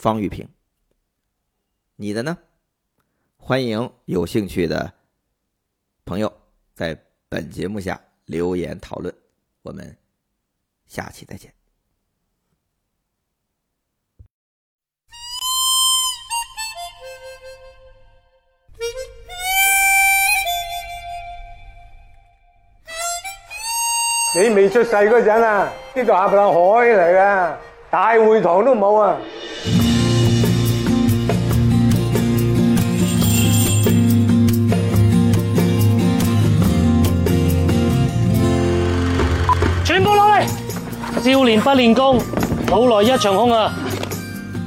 方玉平，你的呢？歡迎有興趣的朋友在本節目下留言討論。我們下期再見。你未出世嗰陣啊，呢度下邊海嚟噶，大會堂都冇啊。練不練功，老來一場空啊！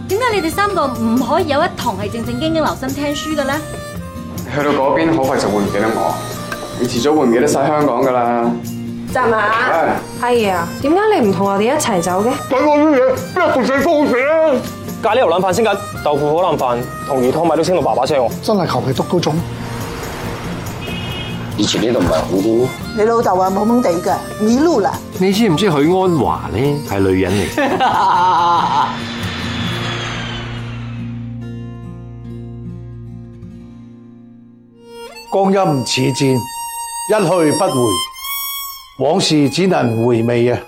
點解你哋三個唔可以有一堂係正正經經留心聽書嘅咧？你去到嗰邊好快就會唔記得我，你遲早會唔記得晒香港噶啦。站、嗯、下。阿爺啊，點解、哎、你唔同我哋一齊走嘅？睇我啲嘢，邊度死風扇？咖喱牛腩飯先緊，豆腐火腩飯同魚湯米都升到爸爸車。真係求其捉到中。以前呢度唔係好啲咩？你老豆啊懵懵地嘅迷路啦！你知唔知許鞍華呢係女人嚟？ 光陰似箭，一去不回，往事只能回味啊！